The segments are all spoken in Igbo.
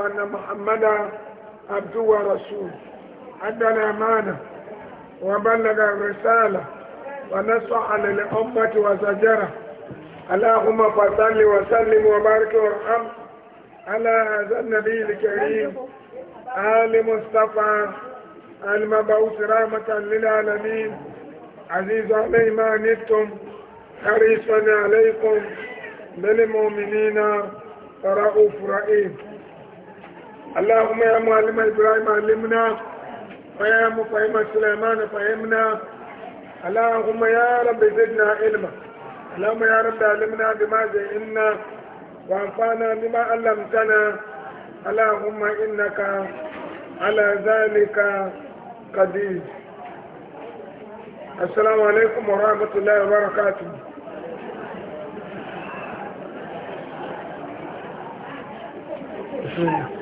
أن محمدا عبده ورسوله أدى الأمانة وبلغ الرسالة ونصح للأمة وزجره اللهم فصل وسلم وبارك وارحم على هذا النبي الكريم آل مصطفى المبعوث رحمة للعالمين عزيز علي ما نبتم حريصا عليكم للمؤمنين رؤوف رئيم اللهم يا معلم إبراهيم علمنا ويا مفهم سليمان فهمنا اللهم يا رب زدنا علما اللهم يا رب علمنا بما جئنا وانفعنا بما علمتنا اللهم إنك على ذلك قدير السلام عليكم ورحمة الله وبركاته Thank you.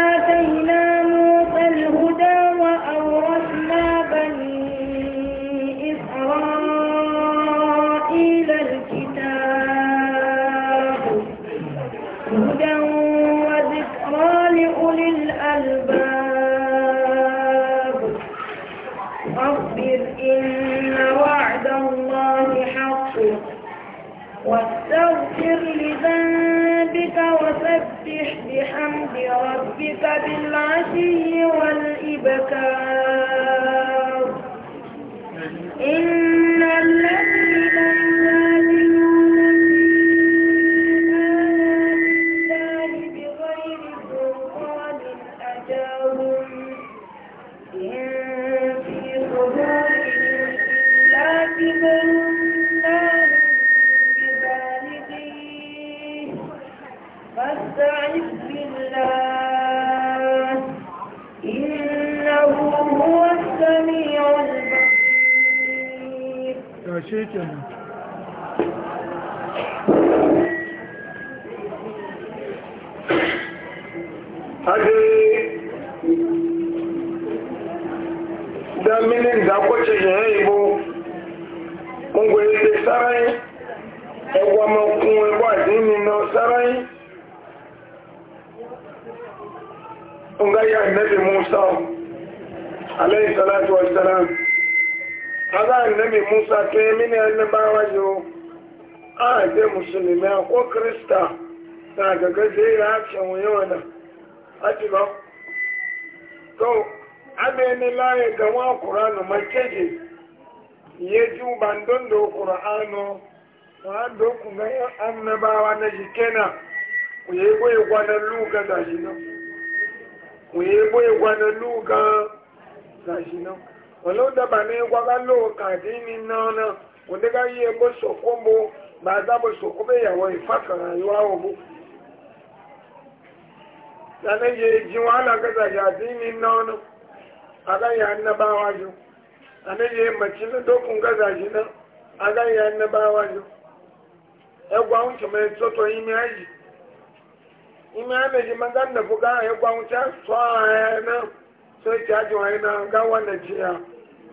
بالعشي والإبكار na wòye ebo na luga da shi na wòye ebo egwa na luga da na wòle na egwa ka lo kadi ni na na wòle ka yi ebo soko bo ba za bo soko be yawo ifa kara yiwa wo bo dana ye ji wahala ka ya na na aga ya annabawa ye na dokun ga da shi na aga egwa wuce mai tsoto ime aji ime a meji magan da buga ga wuce so a yana so na aji wa yana ga wanda jiya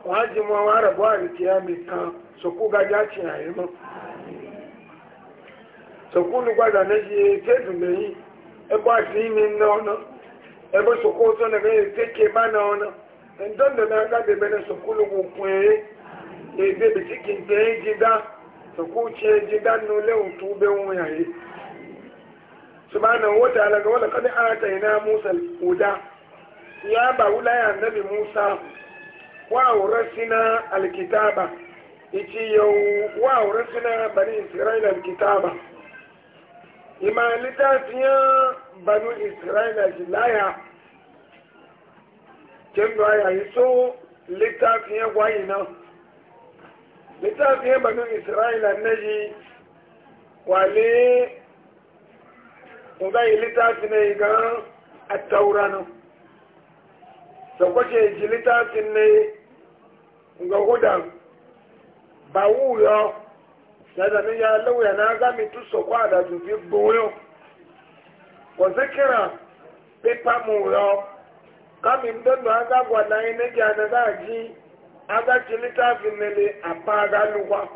wa aji ma wa rabu a ya mai ka so ku ga ya ma so ku na ime na ọnụ ebe so na ga na ona ndon na na ebe سكوتشي جدان لو توبه يعني subhanahu wa ta'ala ga wala kada ataina Musa al-huda ya ba wulaya annabi Musa wa urasina al-kitaba ichi yau wa urasina bani Isra'il al-kitaba ima litafiya banu Isra'il al-laya kendo aya iso litafiya gwayina littafi ya banu isra'ila na ji wale yi littafi ne gan a tauranu sakwace ji na ne ga hudan ba wuyo na zami ya lauya na gami tu sokwa da tufi boyo ko zikira pepa mu yo kami mdondo aga gwada ine ji anaga ji agaci littafin ne ne a fara luwa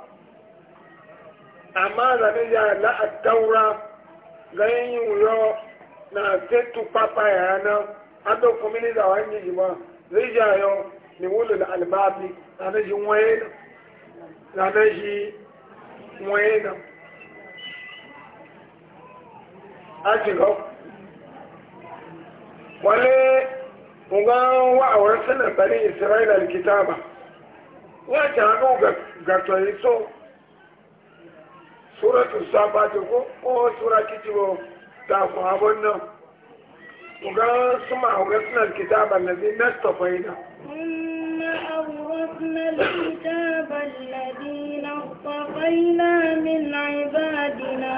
amma zane ya la'adaura ganin yin wuyo na setu papa ya nan ado kumini da wani jima zai ja yau ni wulu da albabi zane shi waye nan zane shi waye nan a shiga wale kunga wa'awar wọ́n tẹ̀ ọ́nú gàtọ̀ yìí tó sóra tó sọ abájọ kó ó sóra títí wọ tààfọ̀ abọ́ náà ọ̀gá súnmọ́ àwọn ẹ̀sìnà kìtà àbàlẹ̀ bíi mẹ́tọ̀ fọyín náà. أورثنا الكتاب الذين اصطفينا من عبادنا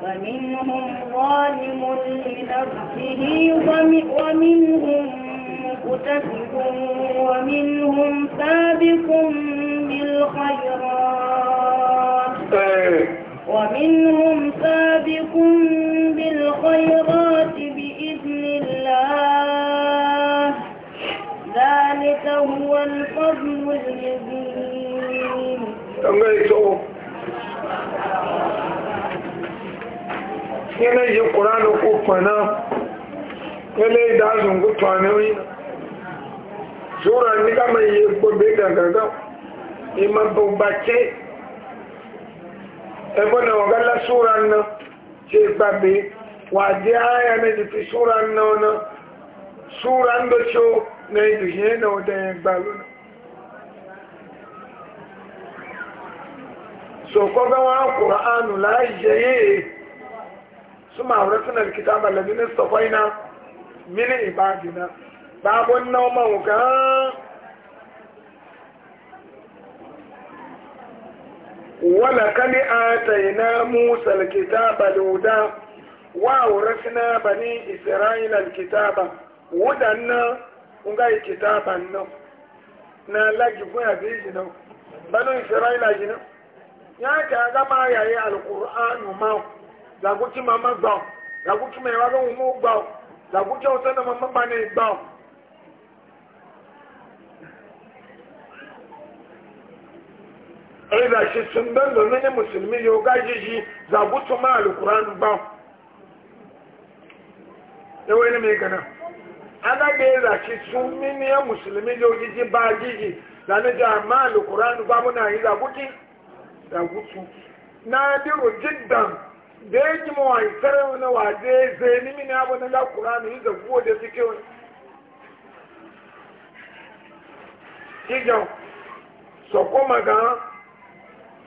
فمنهم ظالم لنفسه ومنهم مقتتكم ومنهم سابق بالخيرات إيه. ومنهم سابق بالخيرات بإذن الله ذلك هو الفضل العظيم yanayi ƙuranin ƙofa na yanayi da azungu tuwanen yi zura ni kama iye gbogbo gangaga ima bambace ebe na ogala sura na ce wa waje aya na jifi sura na ona sura ndo cho na iduhie na oda ya gbalu na so koga wa qur'anu la jaye suma awratuna alkitaba alladhina istafaina min ibadina babon nauman ga wala kali ataina musa alkitaba luda wa urasna bani isra'ila alkitaba wudanna unga kitaban no na laji fun abiji no bani isra'ila jina ya ka ga ma yayi alqur'anu ma laguti mama gba laguti me wa ga mu gba laguti o sana mama ina shi sun don domin musulmi yau gaji shi zagutu ma alukuran ba yau wani mai gana ana ga yi zaci sun miniya musulmi yau jiji ba jiji da na ja ma ba muna yi zaguti zagutu na diro jiddan da ya ji mawa yi sarar wani waje zai nimi ne abu na yi zaguwa da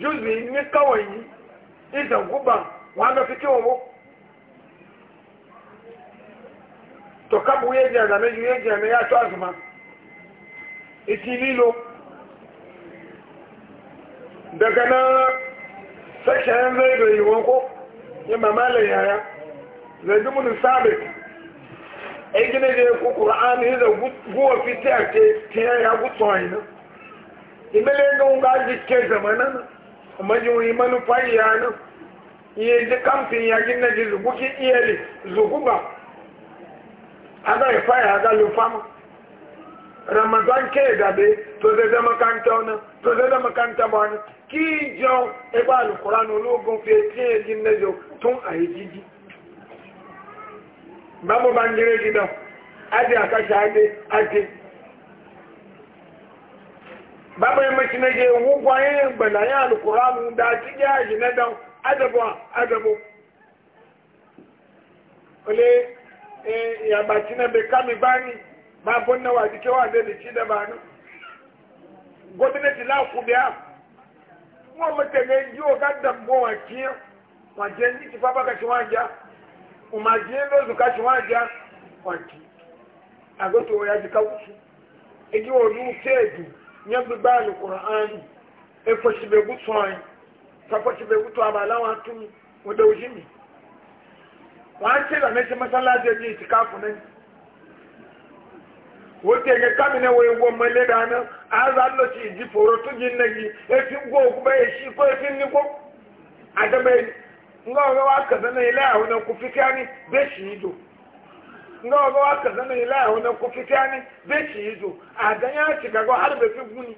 juzi ni kawai izan guban wanda fi kiwon mu to kabu ya jiya zane ju ya jiya na ya to azuma iti lilo daga na sashen zai da yiwon ko yi mamalin yaya zai dumin sabit ai gina da ya kukura an yi da guwa fiti a ke ya gutsu a yi nan imele ga unga ke zamanan majin manufar yana iya ji kamfin yakin na ji zuku ki iyali zuku ba a ga ifa ya ga lufama ramazan ke dabe to zai zama kanta wani to zai zama kanta ba wani ki jan ebe alukuran ologun fiye etin yakin na ji tun a yi jiji babu bangire gidan aji a kashe aji aji baba mace na je wugwayen balayen alkuramu da ci jaji na dan adabu adabu ole eh, ya baci na bai kami bani ba bunna wa jike wa da ci da bani gwamnati la ku biya mo mata ne yi o ga dambo wa ki wa je ni ti baba ka ci wa ja o ma je no zu ka ci wa ja wa ki agoto ya jika wusu eji o lu tedu nye gbigba alukur'ani ekpesi be gutu anyi sakpesi be gutu abala wa tum wode oji mi wàá ṣe ìlànà ṣe mọ́sálásí ẹbí ìtìkáfù náà wọ́n ti ẹ̀gẹ́ kámínà wo ewu ọmọ ilé dáná àárá lọ sí ìdí fòrò tó jí nà yìí efi gbó òkú bẹ́ẹ̀ èsì kó efi ní kó àdébẹ́yìn ńlọrọ wa kẹsàn-án ilé àwọn ọkùnfin kíá ní bẹ́ẹ̀ sì í dò nga ga wa ka zama ila ya wani ku fita ne bai ci yi zo a dan ya ci gaga har bai fi guni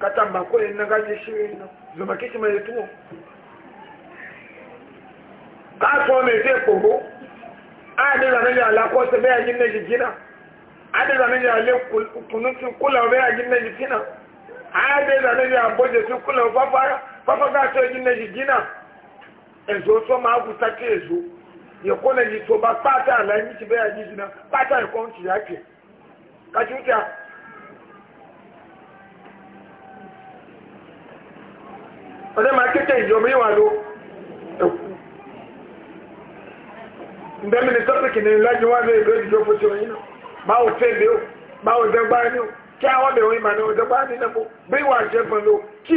katan ba ko yin na gaji shi ne zuma kici mai tuwo ka so mai zai koro a ne zama ya alako ta bai yakin na jijina a ne zama ya le kunutun kula bai yakin na jijina a ne zama ya boje su kula papa ga ta yakin na jijina ezo sọ máa kú sáké ezo yẹkọ náà yìí tó bá pátá àlá yìí ti bẹ́ẹ̀ yìí jìnnà pátá ẹ̀kọ́ ń tìyà kẹ kájú tí a. ọdẹ máa kéke ìjọba yìí wà ló ẹkú ndẹ́mi ní tọ́pìkì ní lájú wá yìí nà fẹ́ o báwo dẹ́gbá ni o kí àwọn bẹ̀rù ìmọ̀ ní o dẹ́gbá ni nàbó bí wàá jẹ́ kí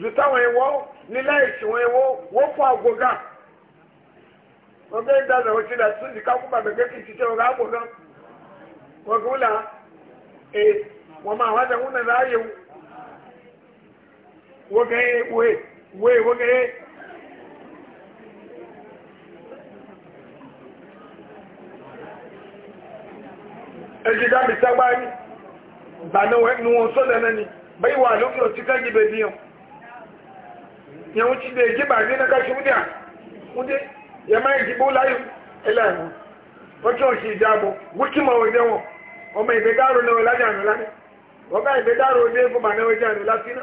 zuta wọn ẹwọ nílá èsì wọn ẹwọ wọn fọ àgọgà wọn bẹ da lọ sí la sí ìdíkà kúpa gbẹgbẹ kì í ti tẹ wọn ká àgọgà wọn kò là ẹ wọn máa wá sẹwọn nàlá ayé wọn wọn kẹ ẹ wẹ wẹ wọn kẹ ẹ. ẹsì dábìí sábà yìí bàánù wọn sọdọ náà ni bẹẹ wà lókè ọtí ká jí bẹẹ bí yẹn yẹn wọ́n ti dẹ̀ ẹ̀jẹ̀ bàjẹ́ náà káṣí wúdí à wúdí yẹn máa ń dìbò láyò ẹlẹ́ ẹ̀mọ́ wọ́n tún ṣe ìjábọ̀ wúkì mọ́ òde wọn ọmọ ìgbẹ́dáró náà wọ́n lájà àná lánàá wọ́n ká ìgbẹ́dáró òde fún bàná ọjà àná lásìnà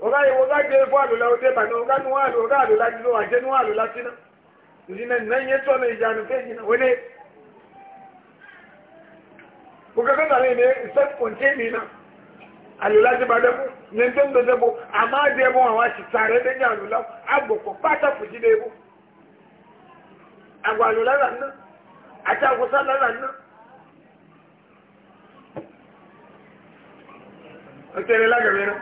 wọ́n ká ìwọ́n ká jẹ́ fún àlùlá òde bàná wọ́n ká níwọ̀n àlù wọ́n ká àlùlá nínú àjẹ́ níwọ̀n àlù lásìnà ìdílé nìyẹn yẹn tọ́nà ìjànù kéjì náà wọ́n ní. alùlá ti ba bú ní tó ń dòdó bú àmọ́ àdé bú àwọn àṣìṣà rẹ̀ dé ní alùlá agbòkò pátá fòjì dé bú. alùlá là ná àti àgùsá là là ná. ó tẹ̀lé lágbègbè náà.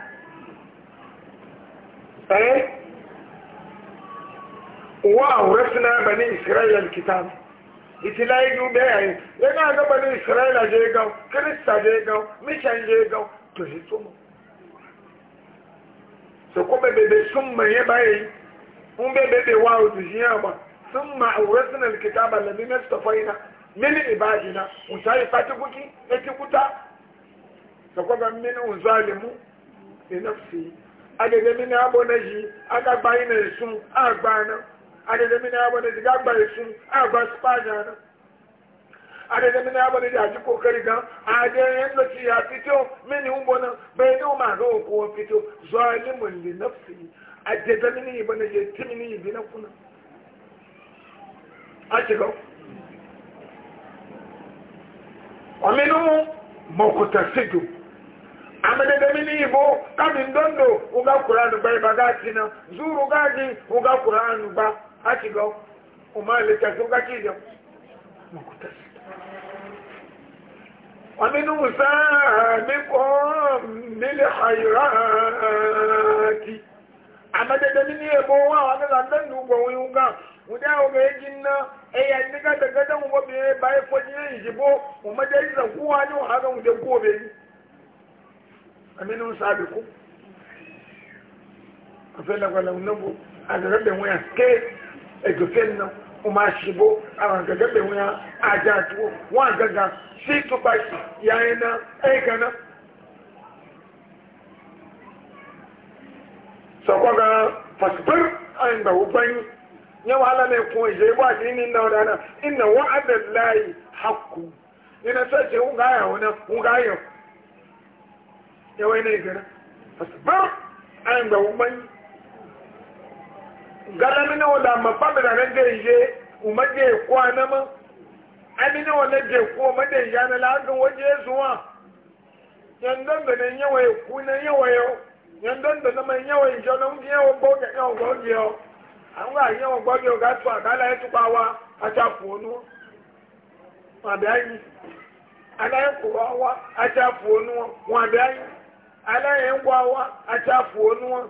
sẹ́yìn wọ́n àwòrán sínú abẹ́ ní ìsirẹ́lẹ̀ kìtàbù. ìtìláyé ju bẹ́ẹ̀ yẹn. yẹn náà gan kírísítà gan gan to shi tsomo ah. so kuma bebe sun maye baye un bebe be wa otu shi ya ba sun ma aurasin alkitaba lalle na stafaina mini ibadina un sai fati kuki na tikuta so kuma mini un zalimu ne nafsi agege mini abo na shi aka bayi na sun agba na agege mini abo na shi ga gba sun adada mini abali da ji kokari gan ade yanda ci ya fito mini umbo nan bai da ma ga ko fito zalimun li nafsi adada mini bana je timini bi na kuna a ci Ominu aminu mokuta sidu amina da mini ibo kabin dondo uga kuranu ga bagati na zuru gaji uga kuranu ba a ci gau umar littafi uga ci da mokuta sidu ومن وسامكم بالحيرات أما تدمني أبوها وأنا لن نبوي وقام وده وجهنا أي عندك تقدر وما بيبقى فجأة يجيبه وما جايز هو أنا وهذا وجبه بيه أمين وسامكم أفعل ولا نبو أنا ربي وين كيف أجفلنا kuma shigo a gaga da wuya a jajuwo wa gaga sai to ba shi yayin na aika na sako ga fasbir an da ubangi ya wahala ne ko je ba dinin da wadana inna wa'ada lahi haqqu ina sai ce un gaya wannan un gaya yawai na gara fasbir an da ubangi galamini wala mababira na deje umaje kwa na ma amini wala je ko maje ya na la waje zuwa yandan da nan yawa ku na yawa yau yandan da nan yawa injo na mu yawa bo yawa an ga yawa go ga tu agala ya acha fonu yi ala ku wa acha fonu yi ala wa fonu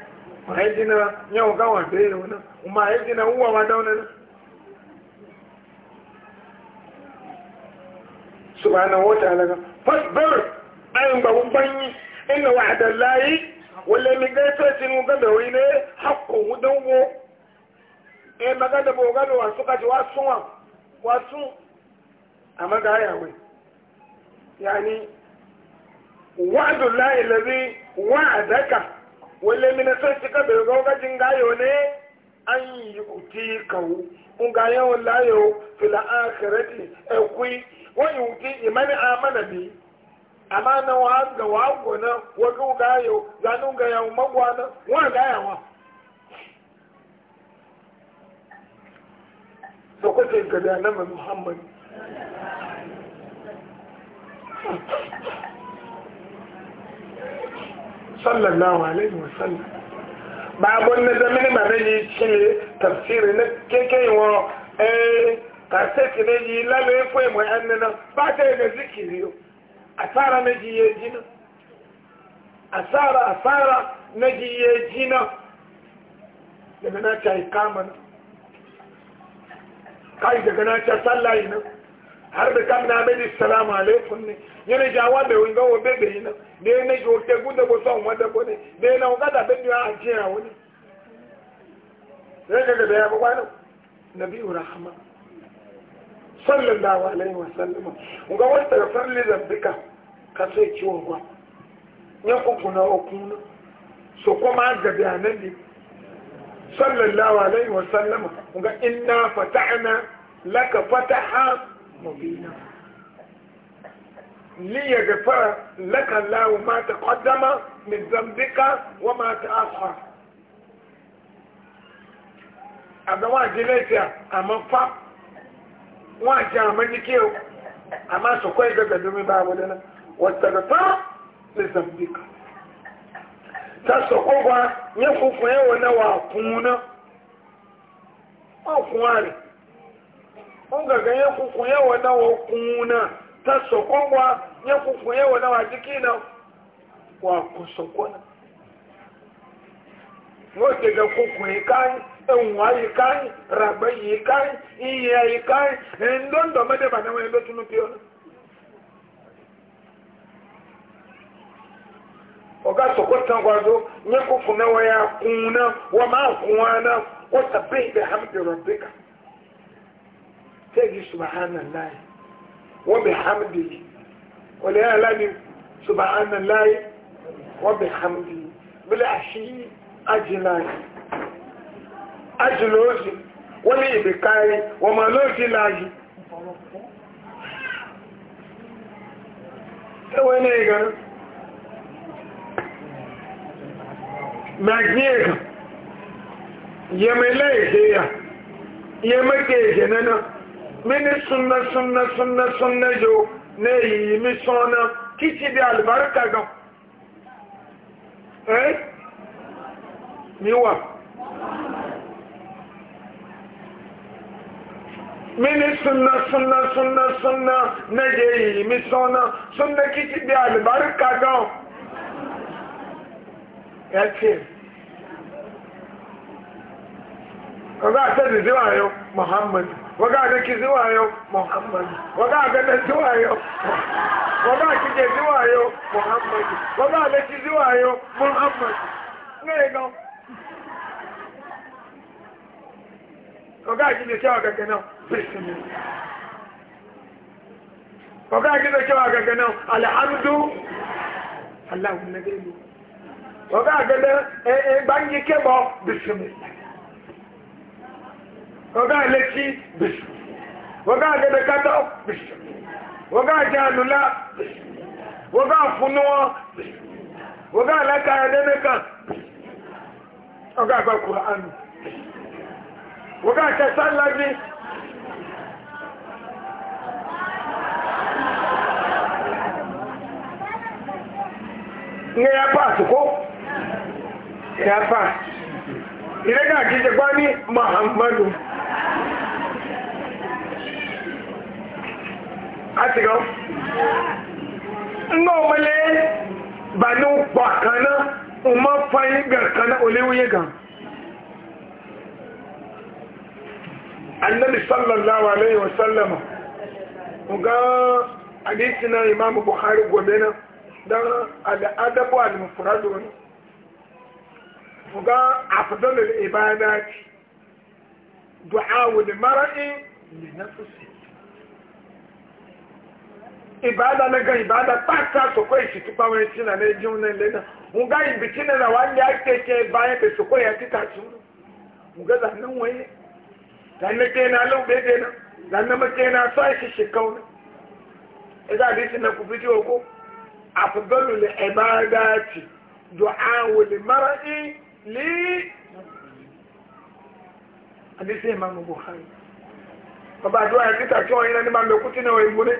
wahayejina nyau ga wabele wana umahayejina uwa wadaona na subhanahu wa ta'ala ga fasbir ayin ba banyi inna wa'ada lahi wala mi ga tsaci mu ga dawi ne hakku hudango e maga da boga da wasu kaji wasu wa wasu amma ga yawe yani wa'adu lahi allazi wa'adaka wale mina so cika bai ga ga jin gayo ne an yuti kawu kun ga yawan layo fil akhirati akwi wa yuti imani amana bi amana wa ga wa gona wa ga gayo ga nun ga yawan magwana wa ga yawa so ko ce ga da nan Muhammad sallallahu alaihi wasallam babon na zamani ma na yi cile tafsiri na keke wa eh ta se ki ne yi lalo ya foye mai an nana ba ta yi da zikiri yau asara na ji ya jina asara asara na ji ya jina daga na ta yi kama kai daga na ta sallayi na har da kam na bai salamu alaikum ne yana jawa da winga wa bebe yana da yana jo te guda ko son wada ko ne da yana ga da bai ya ajiya wani sai kaga da ya ba wani nabiyyu rahma sallallahu alaihi wa sallam ga wata da farli zambika ka sai ciwon kwa ya kukuna okuna so kuma ga bayanan ne sallallahu alaihi wa sallam ga inna fata'na laka fataha مبينا ليغفر لك الله ما تقدم من ذنبك وما تأخر àbẹ̀ wọ́n àjẹ́ lẹ́sẹ̀ àmọ́ fá wọ́n àjẹ́ àmọ́ ní kí o àmọ́ àsọ̀kọ́ ìgbẹ̀gbẹ̀ lómi bá wọlé náà wọ́n tẹ̀lẹ̀ fá lè zàmbí kan tásọ̀kọ́ wa yẹ funfun yẹ wọ náà wà kún un náà wọ́n kún un àrè ngaga nyekuku kuku ya wada wa kuna ta sokongwa ya kuku ya wada wa jikina wa kusokona ga kuku ikai enwa ikai raba ikai iye ikai ndondo mede bana wendo tunupiona oga sokota gwazo nyekuku kuku na wa ya kuna wa ma kuna ko tabi bi hamdi rabbika wabi hamdi sai subhanallahi wa bihamdihi wala ya lani subhanallahi wa bihamdihi bil ashi ajlani ajloji wala ibikari wa maloji laji ewe ne ga magniega yemele ya yemeke jenana mini sunna sunna sunna sunna yo ne yi mi sɔnna kiti bi alibarika gan ɛɛ eh? mi wa mini sunna sunna sunna sunna ne de yi mi sɔnna sunna kiti bi alibarika gan ɛ Ọgá àtẹ́dìdíwà yọ Muhammadu. وقاعد كزوايو محمد وقاعد نزوايو وقاعد كزوايو محمد وقاعد كزوايو محمد نيجا وقاعد نشاك كنا وقاعد نشاك كنا الحمد اللهم نجيبه وقاعد إيه، إيه، بانجي كبا بسم الله waga leci bishu waga gada kata bishu waga janula waga funuwa waga alaka ya dana kan waga ba ƙura'anu waga ta sallabi ne ya fasu ko ya fasu ire ga gije gwani muhammadu àti gan ńgbà ọmọlẹ́ bà ní ọgbà kan náà ọmọ fáyín gan kan náà oléwúyé gan annabi sallallahu alaihi wasallama ga hadisi na imam buhari gobe na don al'adabu al-mufradu ne ga afdalul ibadati du'a wal mar'i li nafsihi ibada na ga ibada pata soko ishi tupa wani china na eji una lena munga ibi china na wani ake ke baye ya za na waye zanne ke na lu na zanne ma ke na so na eza hadisi na kupiti oko afdalu li ibadati du'a li mar'i li imam bukhari baba du'a ina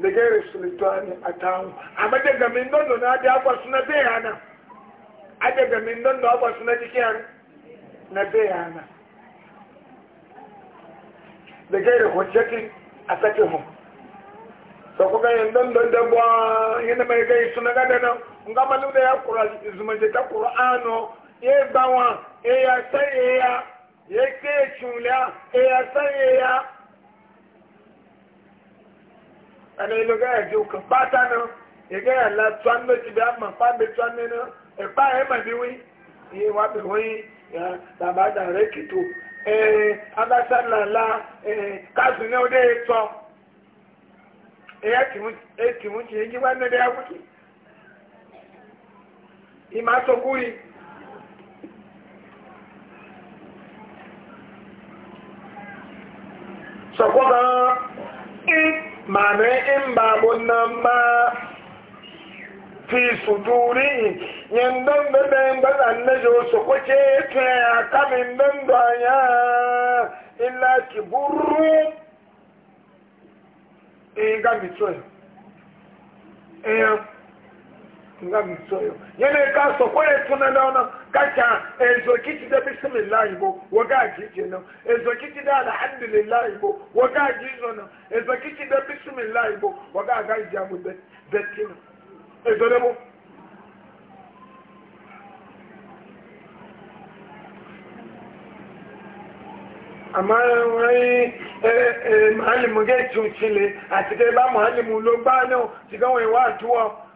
da gairar sultani a tawo amma daga min dondo na da agwa suna zai hana a daga min dondo agwa suna na zai hana da gairar hujjatin a sake mu da kuka yin dondo da buwa yana mai gai suna nga da ya kura zumaje ta kur'ano ya bawa ya sai ya ya ke cula ya sai ya ana ilo gaya ji ukan pata na e ya gaya la tuwan da ti biya man pa be tuwan ne na e pa e ma bi wi e wa be wi ya da ba da re kito eh aba sala la eh ka su ne o de e to e ya ti mu e ti mu ji e ji wa ne de akuti i ma so kuri sọ̀kọ́ gan-an màánà in babun nan ma fi suduri yin don da dayan bazan na jo su kwace tuya kamin don doya illa ki buru in ga mitoyi nga misoyo yene ka so kwere tuna naona kacha ezo kiti da bismillah bo waga jije no ezo kiti da alhamdulillah bo waga jizo no ezo kiti da bismillah bo waga ga jamu be betin ezo lebo àmọ́ ẹ̀rìn e, e, mọ̀hálìmù gẹ̀ẹ́tù chile àti kẹba mọ̀hálìmù ló bá náà ti gbọ́n ìwà àtúwọ̀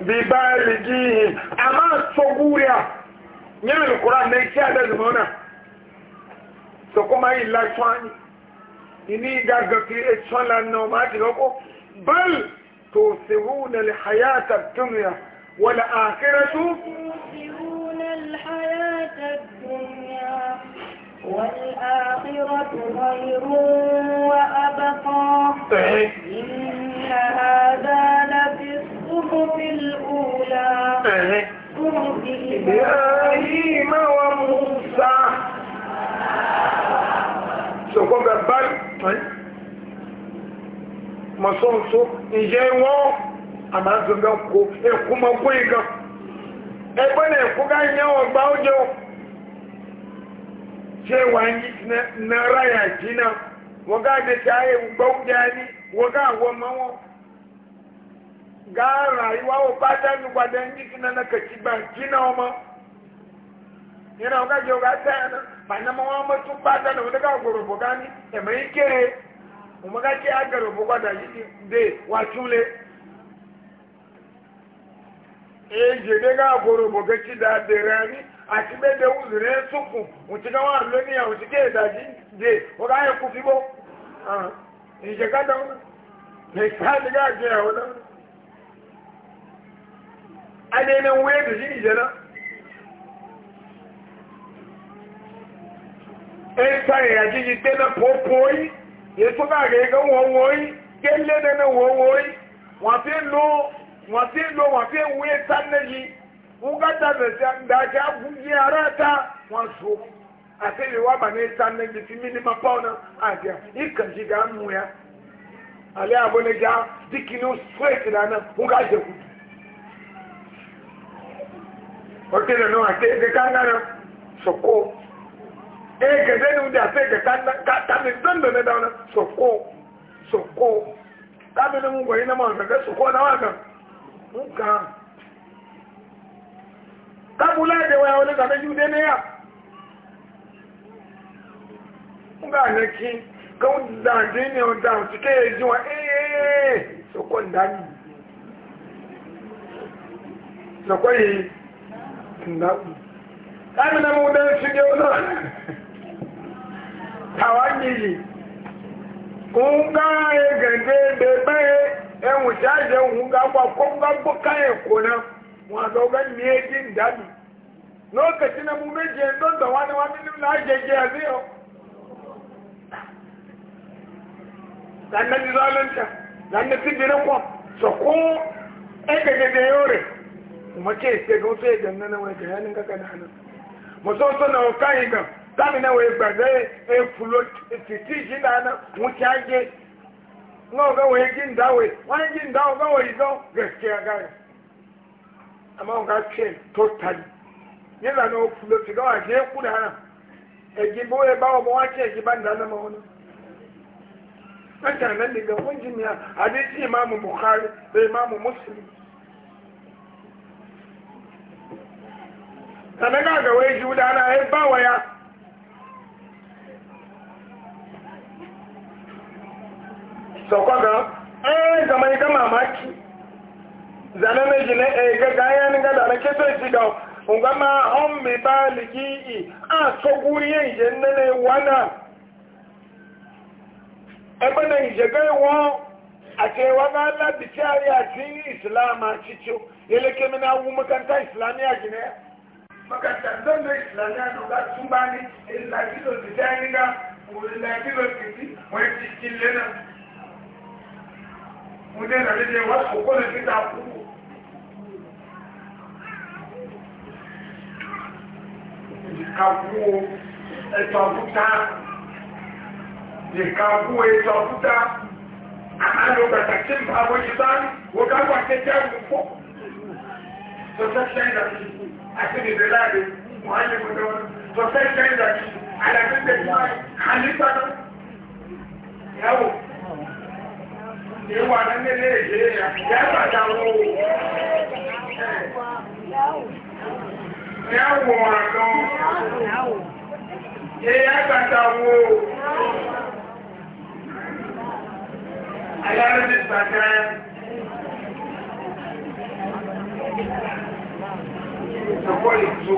ببالغيهم أما الصبوريا نعم القرآن نيسي هذا الزمانة سوكما إلا شواني إني قد في إتشان لأنه بل توسرون الحياة الدنيا ولا آخرة توسرون الحياة الدنيا والآخرة خير وأبقى إن هذا بالصحف الأولى صحف إبراهيم وموسى سوكم ببال masonso ǹjẹ́ wọ́n àmàzùnbẹ́ kò ẹkùnmọ́kún ìgàn ẹgbẹ́ na ẹkùnká ìyẹn ọgbà na ṣe wà ní náírà ga rayuwa wa fata ni gwadon jiki na na kaci ba gina o ma yana ga jo ga ta yana ba na ma wa mutu fata na wani ga gorobo gani e mai kere kuma ga ke aga robo gwada jiki de wa tule e je de ga gorobo ga ci da de rani a ti be de uzure suku uti ga wa lo ni ya uti ke da ji de o ga ya ku fibo ah e je ga da ne ka ni ga je ya wa da adẹ́nà wọ́n èdè sí ìjẹ́nà ẹ̀ta ìyàjí yìí tẹ́nà pọ̀pọ̀ yìí yìí tó bá rẹ̀ ga wọ́n wọ́n yìí gẹ́lẹ́ nẹ́nà wọ́n wọ́n yìí wọ́n fi lọ wọ́n da lọ wọ́n fi ta wasu a àti ìwà bàmí ẹ̀ta fi mínímà pọ́ọ̀nà àti ìkànjì gà ń mú ya àlẹ́ àbọ̀lẹ́jà dìkìnnú straight lánàá na gà jẹ́ wakilin nuna ke ga kananan soko e ga zai wuda sai ga kanin don da na soko soko kaminin na mawakaga soko na wakan muka kabula da waya wani zaɓe jude ne ya ga na ne wanda suke yi jiwa soko ndani ndakwu kami na mu dan shige wani tawagiji kun ga ya gange da baye yan wujajen hun ga kwa kun ga buka ya kona wa dogon ne jin dadi lokacin na mu meje don da wani wani nuna jeje a zai sannan zalunta sannan sigirin kwa so ko ɗaya gaje da yore mace ke ga sai ga nan wai ga yanin ga kana nan mo so so na kai ga tami na wai ga e fulo e titi shi da na mu chaje no ga wai jin da wai wani jin da ga wai zo gaskiya ga amma ga ce totally ne da no fulo ti ga wa je ku da na e ji bo e ba mo wa ce ji ban da na mo wannan mutanen daga kunjin ya hadisi imam bukhari da imam muslim sanaga ga wai juda na ya ba waya sokwa ga eh gama ni kama maki na jine eh ga ya ni ga da na ke so ji ga ngama hom bi ba ii, a so ihe yin nene wana ebe na ije ga wo ake wa ga la bi ti ati islam a chicho na wu makanta islamia ya. makarantar don da islamiyya doka sun ba ni ilaji da su jani ga ilaji da su ji wani cikin lena mutum da rage wasu kuna fita kuku kakuwo ẹ̀tọ̀ fúta ìkakuwo ẹ̀tọ̀ fúta àmàlò pàtàkì àwọn ìbáwọ̀ káwọn akẹ́kẹ́ àwọn pọ̀ tó sẹ́sẹ́ ìdàkì àti ìdíláàdì mọ̀hálẹ̀ mọ̀tọ́ tó fẹ́ ṣẹ́yìn àti àlàgbẹ́gbẹ́ àlífà náà yàwó ìwà nílé èdè yàwó àtàwọn owó yàwó àtàn yàwó àtàwọn owó ayárẹ́bí gbàtẹ́ Thank you sọ̀pọ̀ lè tó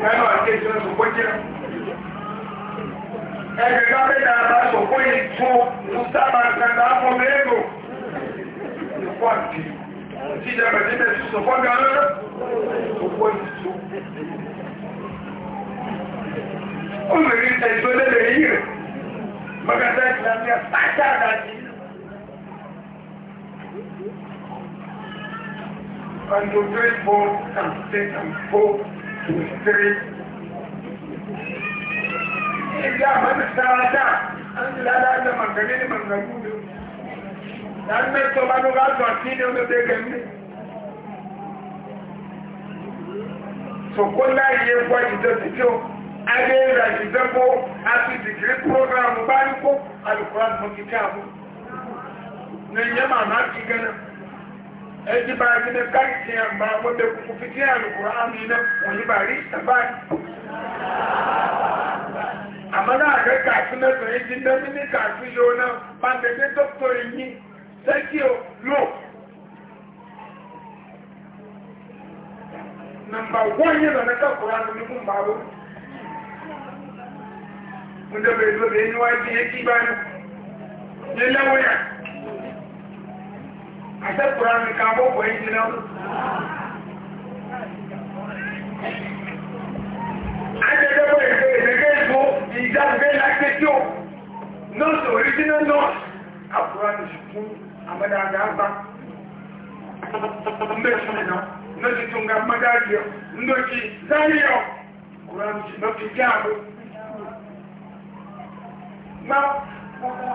kánú àti ètò sọ̀pọ̀ jẹ́ ẹgbẹ̀ kápẹ́tà àbá sọ̀pọ̀ lè tó mùsàmà kàtà àpọ̀ mẹ́rọ ìpọ̀ àti ìjìjà mẹ́tẹ́tẹ́ sọ̀pọ̀ gan-an sọ̀pọ̀ lè tó ó mẹ́rin ẹ̀tọ́ lẹ́lẹ̀ yìí rẹ̀ mọ́kàtà ìlànà pátá and to dress both and faith and hope to the spirit. Ya mana sarata an lala da mangane ne mangaru ne. Dan mai to ba no ga to ti ne no de gani. So kola ye kwa jido tio ade ra jido ko ati degree program ba ni ko alquran mo kitabu. Ne nyama na kigana. eji bá gídé káàkiri àgbà wọ́bẹ̀ kúkú fi tí àlùkùrọ̀ àmì iná na yí bá rí sábàáyì. àmọ́ náà rẹ̀ kàtí mẹ́sàn án jí náà ní kàtí yóò náà bá tẹ̀lé dókítà yìí sẹ́kì ò lò. nàmbà wọ́n yìí lọ nẹ́ka àṣẹ kùránì ká bọ́ọ̀bù ẹ̀yìn jìnnà. Ajẹ́dẹ́gbọ̀n èdè ìdẹ́gẹ́ ìbò ìjáde láti tí ó nọ́ọ̀sì òrìjínà náà àkùránì ṣùkú àmọ́dáadá gbá. Mbẹ́ fún ìná, nọ́ọ̀sì tó ń ga mọ́dáadì ọ̀, ndòjì záyọ̀, kùránì ṣùgbọ́n fi jẹ́ àbò. Má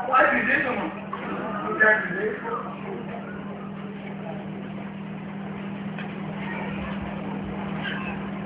wá dìde tùmọ̀, ó jáde lé.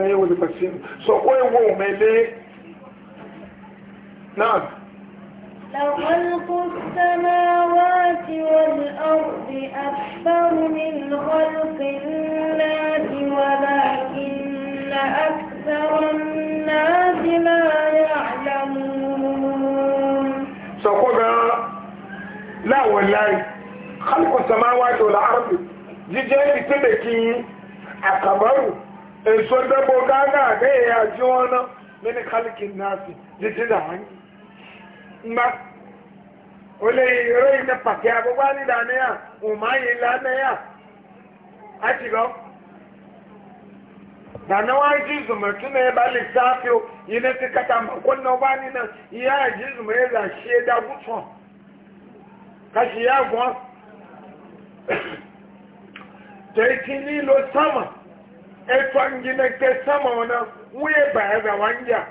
ẹ̀yẹ wòlè pàṣẹ sọ̀kọ́ ìwọ òmẹ́lẹ́ náà. لخلق السماوات والأرض أكثر من خلق الناس ولكن أكثر الناس لا يعلمون سأقول لا والله خلق السماوات والأرض جيجي بتبكي أكبر èso dẹ́gbọ́ gáàgà àgẹ́yẹ àjí wọn náà mẹ́ni kálíkì náà sí títí dàáyé mbá o lè eré iná pàtẹ́ àgbọ́gbá nídà náà òmá yìí lánàá á ti lọ. dànà wá jí zùmọ̀ tún náà bá lè sáfì o yìí kàtà mọ̀kó náà wá nínà ìyá àjí zùmọ̀ yẹn là ṣe é dàgbù tán kàṣì yá gbọ́n tẹ̀sí ní lo sámà efangi na ke sama wana wuye baya ga wanja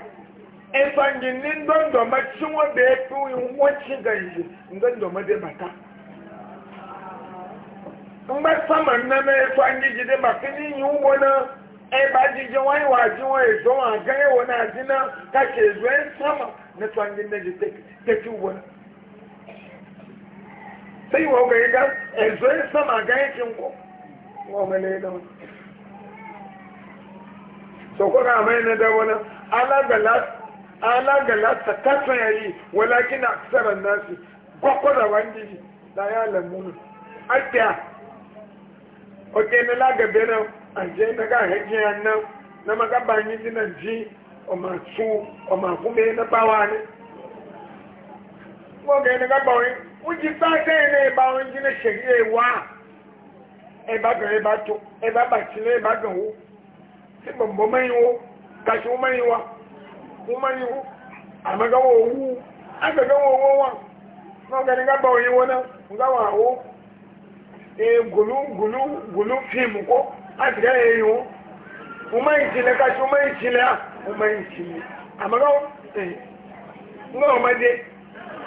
efangi ni ndondo ma chiwo be tu wachi ga yi ndondo ma de bata ngba sama na na efangi jide bakini yi wona e ba jije wani wa ji wa ezo wa ga e wona ajina ka ke ezo e sama na twangi na je te te ti wona sai wa ga ga ezo e sama ga e kinko wa mele da sokora amai na da wani alagala ta kasa yayi walakin aksaran nasi kwakwara ya lamuni atiya oke na lagabe na aje na nan na magabanyi dinan ji ọmọ̀tún ọmọ̀kúnmẹ́ nípa wa ní gbogbo ẹni gbogbo orin ó jí bá tẹ́yìn gan ẹ̀bá na ẹ̀bá gan tí gbogbo mẹ́yìnwó kàṣí mẹ́yìnwá mẹ́yìnwó àmẹ́gáwọ̀ owó agbẹ̀gáwọ̀ owó wọn náà gani gábà òyìn wọn náà ngáwọ̀ àwọ gùlú gùlú gùlú fíìmù kọ́ láti gẹ́ èyí wọn mo máa ń jìnlẹ̀ kàṣí mo máa ń jìnlẹ̀ à mo máa ń jìnlẹ̀ àmẹ́gáwọ̀ ẹ̀ ńgbà ọmọdé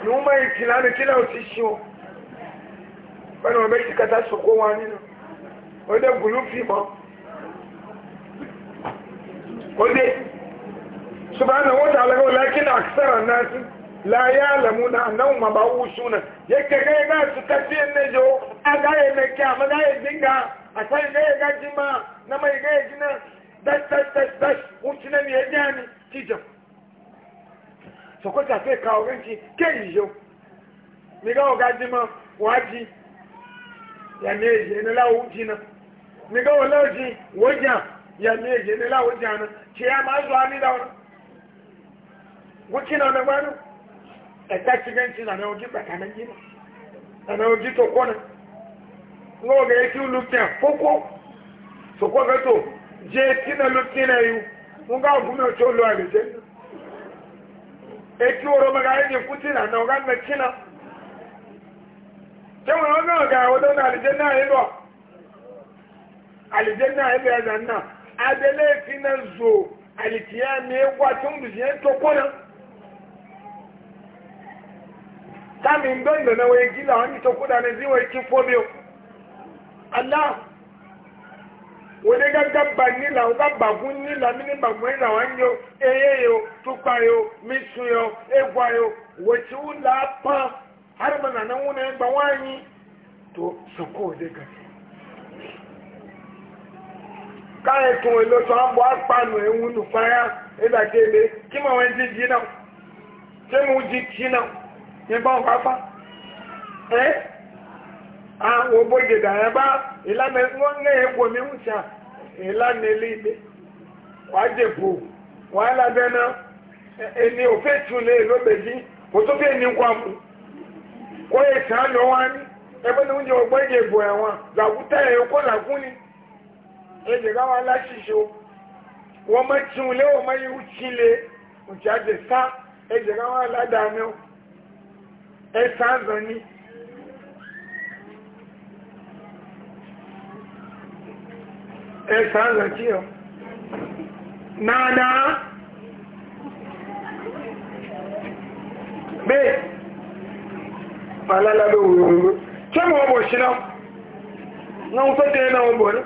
ni mo máa ń jìnlẹ̀ àmì kílẹ̀ òtí ṣe wọn pẹ̀lú ọmọ méjì kata sọ̀kọ́ wọn nínú ọdẹ gùlú fíìmù wadda subhanahu wa ta'ala ga lakin aksara nasi la ya'lamuna annahum mabawusuna yake ga ga su kace ne aga ya ne kya ma ga ya dinga a ga na mai ga jina dash dash dash dash utina ne ya jani tija so ke jo mi ga ga ya ya me je la lawo jana ce ya ma zuwa ni da wani wuki na wani ẹ̀ka ṣiganci na nawo jipa ka na nawo jito kona ga yake lukin koko so ko ga to je tina lukin na yu mun ga bu me to lo ale je e oro ma ga yake kutina na ga na na adele na zo alitiya ne gwacin bishiyar tokonan samun don da na waye gila wani tokoda na ziwa yake fobiyo allah wani gaggaba nila gagbagun nila mini bagbun ila wanyo eyeyo tupayo misuyo egwayo wace wula pa har mana nan wuna ya gbawanyi to sako daga káyẹ̀ tún èlò tó ń bọ́ apánù ewu nù fáyà ìdàkẹ́lẹ̀ kí mọ̀ wọ́n ti jí náà ṣé mo jí kí náà ìbọn pápá ẹ́ àwọn òbòdè dàrá bá ìlànà wọ́n ní èèwọ̀ mi ń ṣà ìlànà ilé ilé wàá dèbò wàá lábẹ́ náà ẹni òfé ní kó èsì àná wá ní ẹgbẹ́ ní oúnjẹ ege gawa alashijo wọ́n mọ tiwọn lé wọ́n mọ yíwú tile òjáde sá ege gawa aládàáni ẹ̀sán àzọ́ni. ẹ̀sán àzọ́tí ọ nàánàá bẹ́ẹ̀ alálàbẹ̀ wòrò tí wọ́n bọ̀ sí náà wọ́n tó dé náà wọ́n bọ̀ náà.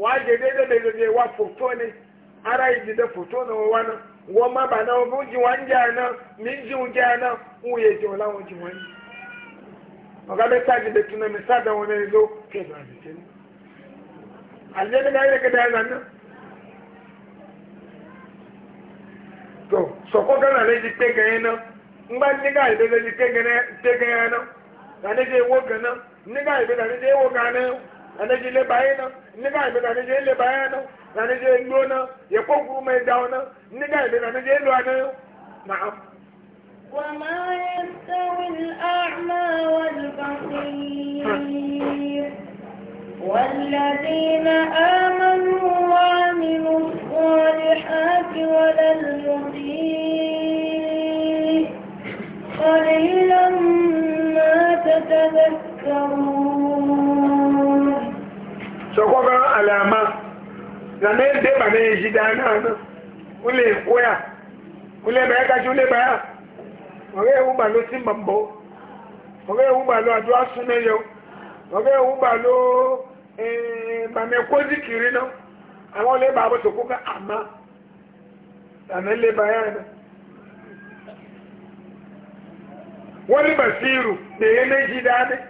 waje daidai da gaje wa foto ni ara yi da foto na wa na wo ma ba na wo ji wan na min ji wan ja na ji wala wo ji wan oga be ta ji de tuna na to ga na ga na ngba ni ga de le ji pe ga na pe ga na ga na anaje le baye niga ibe na anaje le baye na na anaje lo ye ko guru mai dawo niga ibe na anaje lo na na'am وما يستوي الأعمى والبصير والذين آمنوا وعملوا الصالحات ولا المضيء قليلا ما تتذكرون sokoga alama na ne de ba ne ji da na na ule koya ule ba ka jule ba oge u ba lo tin mambo oge u ba lo adu asune yo oge u ba lo eh ba me ko zikiri no àwọn le ba bo sokoga ama na ne le ba ya na wani basiru da ya ne ji da ne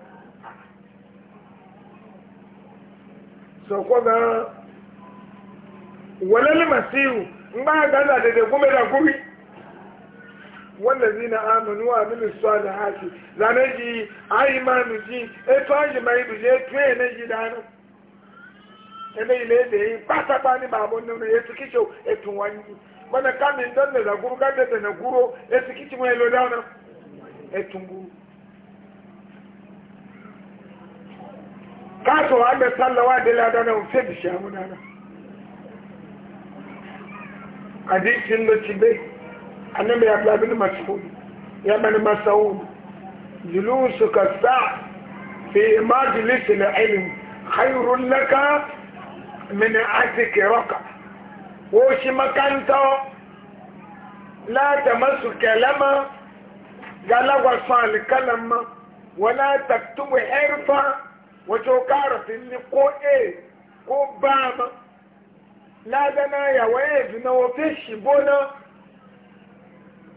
sokoga walali masiru mba ga da da da gume da guri wallazina amanu wa amilu salihati la naji ayi manu ji e to aji mai bi je tu e naji da no e nei le de pata pa ni babo ne ne yesu kicho e tu wanji mana kami ndonne da guru ga da na ya yesu kicho mai lo da no káàtò wà gbé sálọ́wà délé adáná òun fèbì sí àwọn dáná àdíṣì ń lọ ti gbé anábì abúlábí ní màsíkò ya mẹni masáwò jùlú sùkà sáà fi májìlì sílẹ̀ ẹ̀lìm xayiru lẹ́ka mini àti kìrọ́kà wọ́n ṣi makántọ́ láti masu kẹlẹ́mà galagwa sọ àlìkálàmà wọ́n láti tàkítùwẹ̀ ẹ̀rùfà wato karafin ni ko e ko ba ma lagana ya waye zina wofe shi bona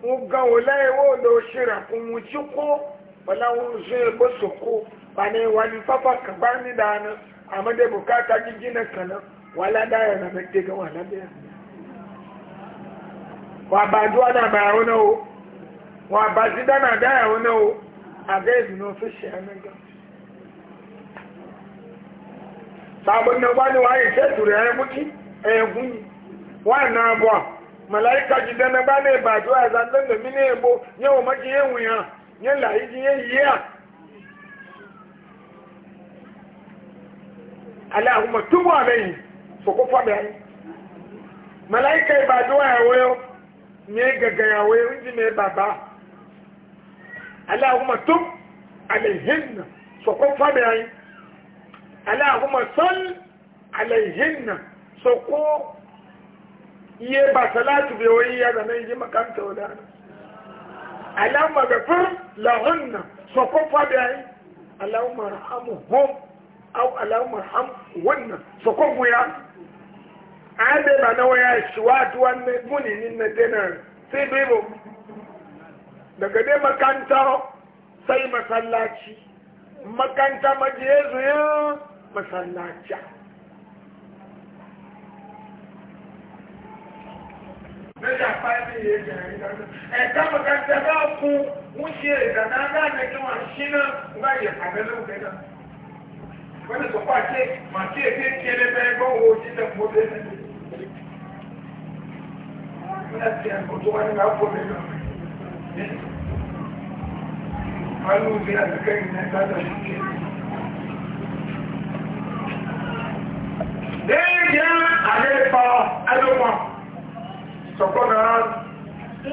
ugan wulaye wo lo shira kun wuci ko wala wun zo ya bo soko ba ne wani papa ka ba ni da na amma dai bukata gigina kana wala da ya na mete ga wala da ya wa ba duwa na ba na o wa ba zida na da na o a ga izina ofe shi ya na gaba sabon na bani waye sai tura ya mutu eh a wa na bo malaika gidan na bani ba a zanzan da mine yabo yau maki yin wuya yin layi ji yin tubu so ko fa bayi malaika a ya wayo gaga ya wayo inji ne baba Allahumma tub so ko fa bayi Allahumma sal alaihinna so ko iye ba salatu bai wani ya zama yi makanta wadana Allahumma gafir lahunna so ko fada yi Allahumma rahamu hum au Allahumma raham wannan so ko guya an bai ba na waya shi watu wannan muninin na tenar sai bai ba daga dai makanta sai masallaci makanta majiyezu yin masallaci lẹ́yìn àpáyé yìí ẹ̀jẹ̀ ìdáná ẹ̀ka mọ̀kàtà bá fún wọ́n ṣe ìdáná láàrin kí wọ́n ṣí náà wọ́n yẹ àbẹ́lẹ́wọ̀n náà wọ́n ti sọ̀kọ́ àti màtí èké kí ẹlẹ́fẹ́ gbọ́ wo jíjẹ mọ́ bẹ́ẹ̀ ní. wọ́n yà ti ẹ̀kọ́ tó wá ní ká fọ́ mi lọ. wọ́n lù mí àti kẹ́yìn náà gbádùn ìṣẹ́. Déédéé àlẹ́ pa alópa. Sọ̀kọ́ náà.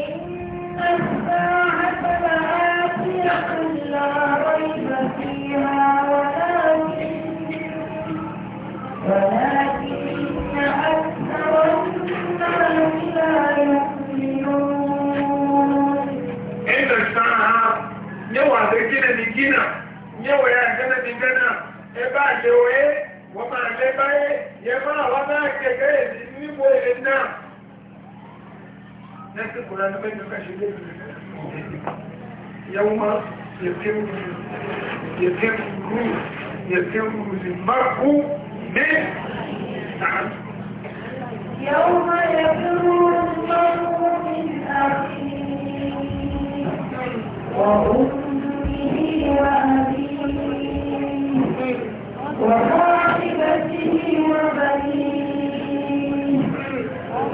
Iná sá àtàlà àti àkùnlá ọ̀rọ̀ ìgbàsí ha wà láàrín. gínà ní ya gánà ní gánà, ẹ bá àjẹ́ wọ́n máa lé báyé yẹ máa wá bá kẹ̀kẹ́ èdè níbo èdè náà lẹ́sí kò rẹ̀ lọ́pẹ́ ìjọba ṣe lé ìyàwó máa yẹ̀kẹ́ rú yẹ̀kẹ́ rú sí máa kú ní àárín يوم يفر المرء من أخيه وأمه وأبيه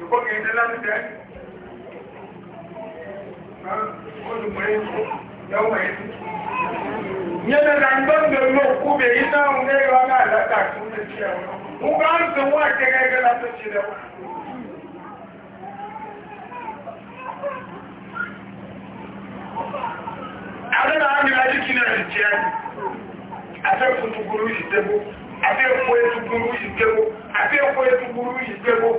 ìkókè ìdẹ́ láti jẹ́ Nyẹ́nà na gbọ́ndọ̀ ló kú bè yí náà ń lé ìwà náà látà fún lè ṣe ẹ̀wọ̀n. Mú bá ń sọ wọ́n àjẹ́gẹ́ ẹgbẹ́ látọ̀ ṣe lẹ́wọ̀n. Adọ́nà àmì láti kí náà jẹ́ afẹ́ kùtùkùrú ìdẹ́gbó, afẹ́ kú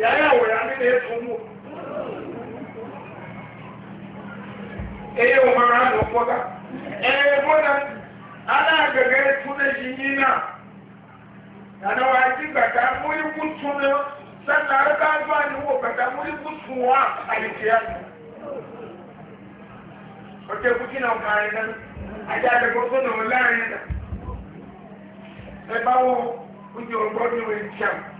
ya ya were anyị na-eso ụmụ eyo mara ahụ ụfọdụ ee bụna a na-agaga etuna ji nyi na wa ti kata muri kutu na sanna har ka ba ni wo kata muri kutu wa o na ka ni na aja de na e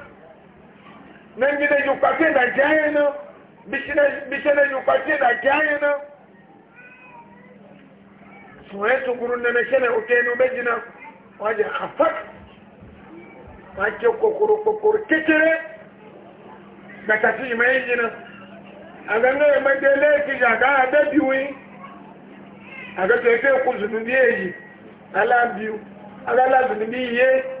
nangida yukpate da jayana bishana yukpate da jayana suwe tukurun na na shana utenu bejina wajen afak wake kokoro kokoro kekere da tafi mai jina a ganga ya mai dai laifi jaga a da biyu a ga tefe ku zunubi yi ala biyu a ga la zunubi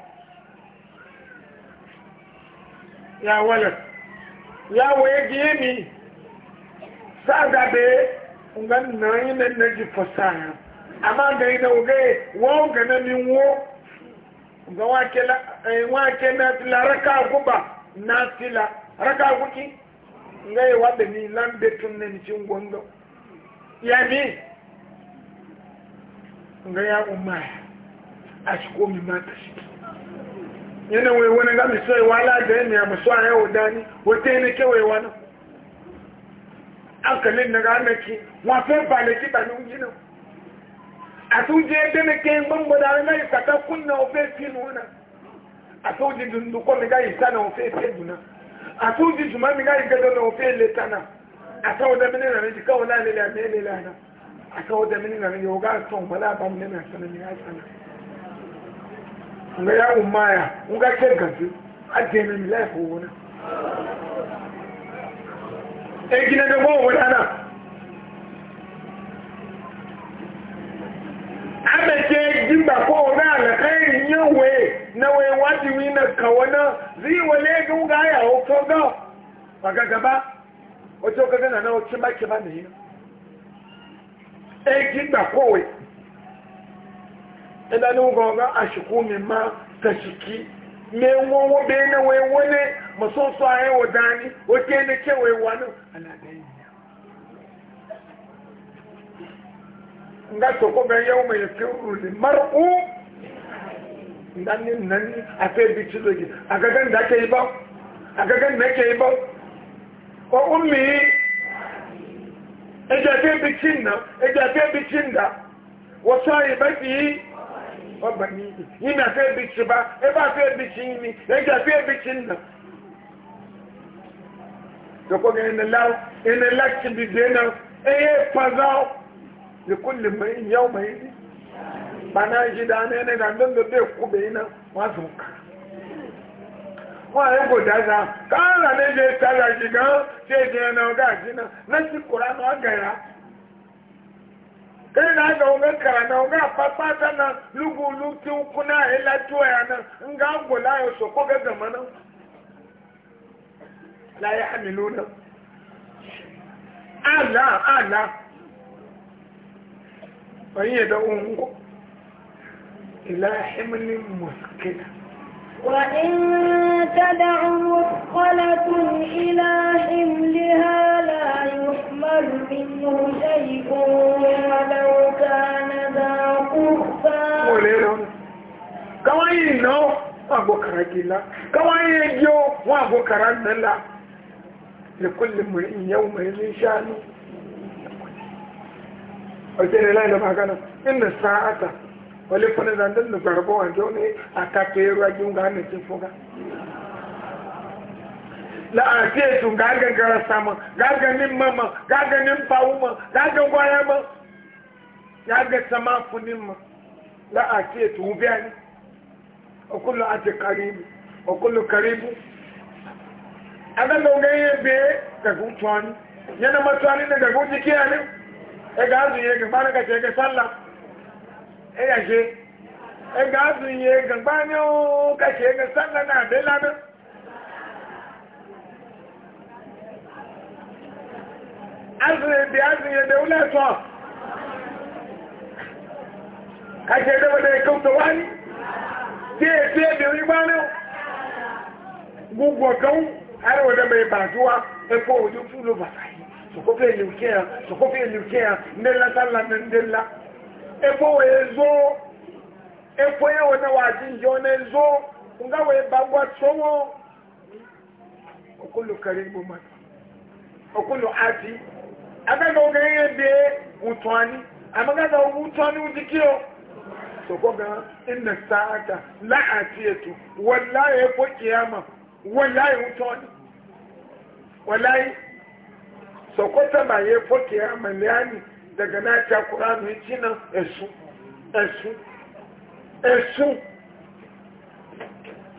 ya wala ya waye gemi sada be ngan na yi na na ji fasaha amma da yi na uge wa ga na min wo ga wa ke la e, wa ke na la raka guba na tila raka guki ngai e, wa da ni lambe tun ne cin gondo ya mi ngai ya umma a shi ko mi mata shi yana wai wani ga misali e wala da yana ya musu a yau e dani wata yana kewaye wani hankalin na ranar ki wafe ba da ki ba nun gina a sun je da na ke yin bambada na yi saka na ofe fi na. a sun ji dunduko mi ga yi na ofe fi duna a sun ji juma mi ga yi na ofe letana a sau da mini ranar ji kawo lalila ne lalila na a sau da mini ranar yau ga son wala ba mini na sanar ya sanar nga ya mu maya nga ke gazu ajene mi life wona e gina da go wona na abe ke jimba ko na na kai nyawe na we wati wi na kawana zi wale ga nga ya o ko ga gaba o to na na o chimba ke na. ne e jimba ko idan ugo ga ashiku min ma tashiki me wonwo be na maso so aye wadani o ke ne ke we nga to ko yau mai firu li mar'u ndani nan a fe bi ci logi aga gan da ba aga gan me yi ba ko ummi eja fe bi fe bi ọgbà yìí yìí nà fẹ́ ba ebe afẹ́ bi tsi yìí ni ẹgbẹ́ afẹ́ bi tsi nà. Dọ̀kọ́ gẹ̀ ẹnì la ẹnì la tsi bi dè nà ẹyẹ pàzà ọ lèkó lè mọ ẹyẹ ọmọ yìí. Bàná yìí dà ní ẹnì dàn dọ́ndọ̀ bẹ́ẹ̀ kú bẹ́ẹ̀ nà wọ́n azọ̀ ká. Wọ́n ayé kò dá sa káàlà ní ẹ̀jẹ̀ sára yìí gan ṣé ẹ̀jẹ̀ ina kara na karana unga papata na lugu luti ukuna ila tuwa yana nga angula yo soko ga zamana la ya na? ala ala onye da ungo ila himlin muskila وإن تدع مثقلة إلى حملها يؤخذ منه شيء ولو كان ذا قربى kawai yi na wọn abokara gila kawai yi yi o wọn abokara nala da kullum mai yau mai zai shanu a ke da laila magana inda sa'ata wale fana zandar da garbawa jaune a ta la'afiyetu ga gagara sama ga ganin mama ga ganin fawuma ga gagwaya ma ya ga sama funin ma la'afiyetu wubiya ne a kullum a ce karibu a kullum karibu a ga dogayen beye ga gutuwa ne yana matuwa ne daga guji ya ne e ga azu ye gaba daga ce ga sallah e yashe e ga azu ye gaba ne o ka ce ga sallah na azìrìbì azìrìbì ulẹ́sọ̀ kàṣẹ ìdọ́wọ́dẹ̀ ìkọ́tò wá ní tí èsì èdè onígbà náà gbogbo ọ̀kan arẹ́wọ̀dẹ̀ mẹ́ ìbàjúwá ẹ̀kọ́ òjú fún ló bàtà yìí sọ̀kọ́fẹ́ ìlú kíyà sọ̀kọ́fẹ́ ìlú kíyà ndẹ́lá sálà ndẹ́lá ẹ̀kọ́ èzó ẹ̀kọ́ yẹ̀wọ̀ náà wà jí ìjọ náà èzó ngáwọ̀ ìbàgbọ́ sọ́wọ́ ọkùnlù kẹrin gbọmọ ọkùnlù àti agaga oge ihe bee wutwani amagaga wutwani udikio soko ga inna sa'ata la'atiyatu wallahi ko kiyama wallahi wutwani wallahi soko ta ba ye ko kiyama anyị daga na ta qur'anu hicina esu esu esu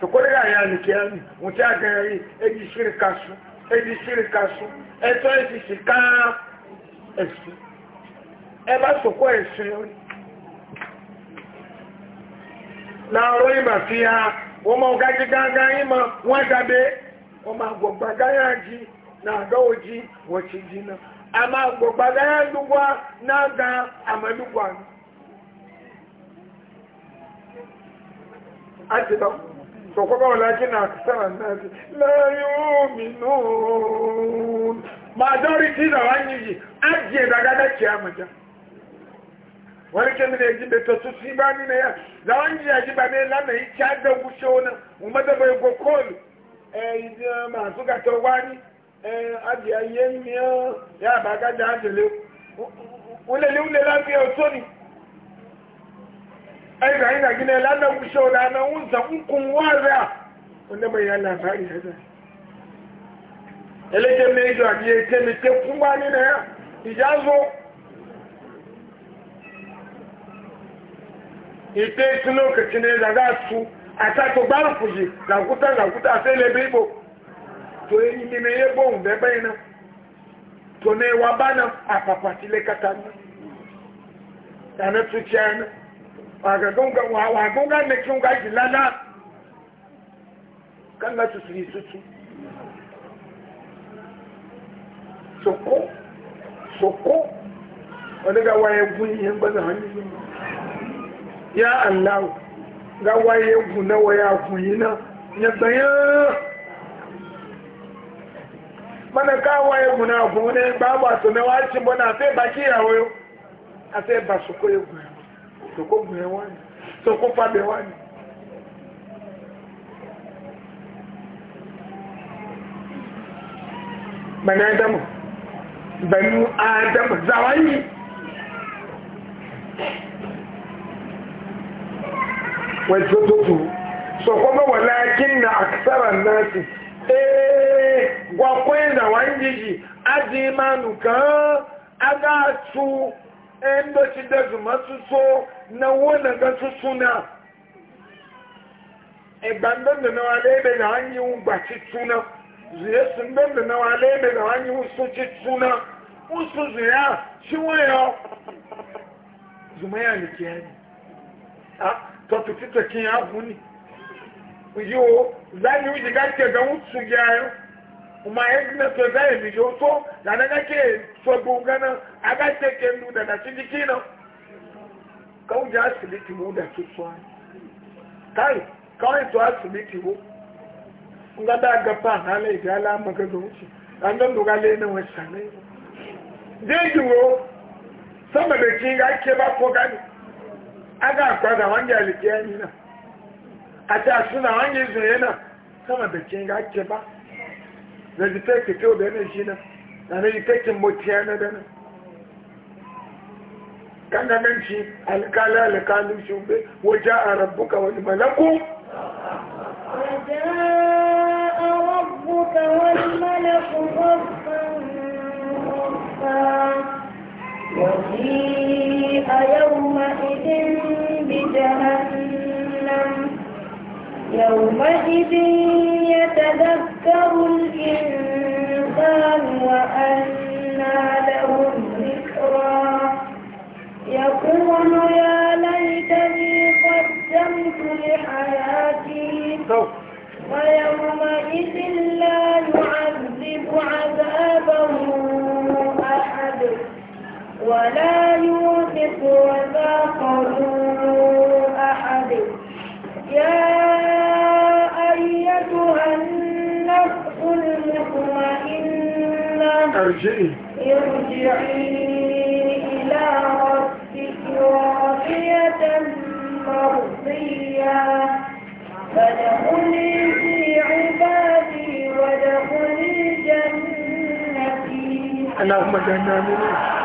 soko ga ya ni kiyami mutaga yi eji shirka su eji shirka su eto eji kaa. ẹ̀sìn ẹ bá sọ̀kọ́ ẹ̀sìn orí láàárọ̀ ìbà ha wọ́n máa gájí gángá yín wọ́n dàbé wọ́n máa gbọ̀gbà gáyà jí náà dọ́wọ́ jí wọ́n ti jí náà a máa gbọ̀gbà gáyà dúgbà náà gan àmọ́dúgbà ni. a ti lọ sọ̀kọ́ omi náà. majority da wani yi ajiye daga da kiyamata wani kemi da ya ji beto su si ba ni na ya da wani ya ji ba ne lana yi ca da wuce wani umada bai go kolu eh masu gata wani eh ajiye yen miya ya ba ga da ajele ulele ulele lafiya oto ni ai ga ina gina lana wuce wani ana wunza nkun wara wanda bai ya labari ya eléje méjì àti ètè mètè fún wa nínú ẹ ìjà zó ìtè ìtúnú kìkìnnì ìdàgá tu àtàkù gbárùkù yìí làkútà làkútà àfẹ́lẹ́ bí bò tó èyí nínú yẹ bóun bẹ́ẹ̀ bẹ́ẹ̀ náà tó ní wa bá náà àpàpà sílẹ̀ kàtà náà tàbí tó tí a soko soko wani ga waye gun yin bana hannu ya allah ga waye na waya na ya bayan mana ka waye guna gune ba ba to na wace bona sai baki a sai ba su ko yego to ko gune wani to ko fa be wani mana ya mu banu a zawani wato tutu so kuma walakin na aksaran nasi ee gwakwai zawangiji aji imanu kan aga su endoci da so na ga su suna na wale ebe da hanyar zuye na sun musu zuya shi wayo zumaya ne ke yani a to tuti to kin ya guni yo zani wiji ga ke ga musu yayo kuma ya gina to ga ya mijo to da na ga ke so gungana a ga ke ke nu da da ciki kina kawun ji asibiti mu da su suwa kai kawai to asibiti mu nga da ga pa na le ga la magazo wuce an don dogale dangin wo sama da kin ga ke ba ko gani aga kwa da wanda alkiya ni na a ta suna wanda zuwa na sama da kin ga ke ba da ji ta ke to da ne shi na da ne ta kin mutiya na da na kan da nan shi alkala alkalu shi be waja rabbuka wal malaku waja rabbuka wal malaku وجيء يومئذ بجهنم يومئذ يتذكر الإنسان وأنى له الذكرى يقول يا ليتني قدمت لحياتي ويومئذ لا يعذب عذابه ولا يوثق وثاقه أحد يا أيتها النفس المطمئنة ارجعي ارجعي إلى ربك راضية مرضية فادخلي في عبادي وادخلي جنتي اللهم جنبنا